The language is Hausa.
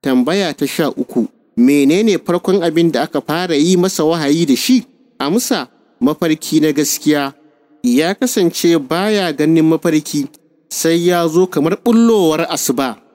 Tambaya ta sha uku, menene farkon abin da aka fara yi masa wahayi da shi? Amsa, mafarki na gaskiya. Ya kasance baya ganin mafarki, sai ya zo kamar bullowar asuba.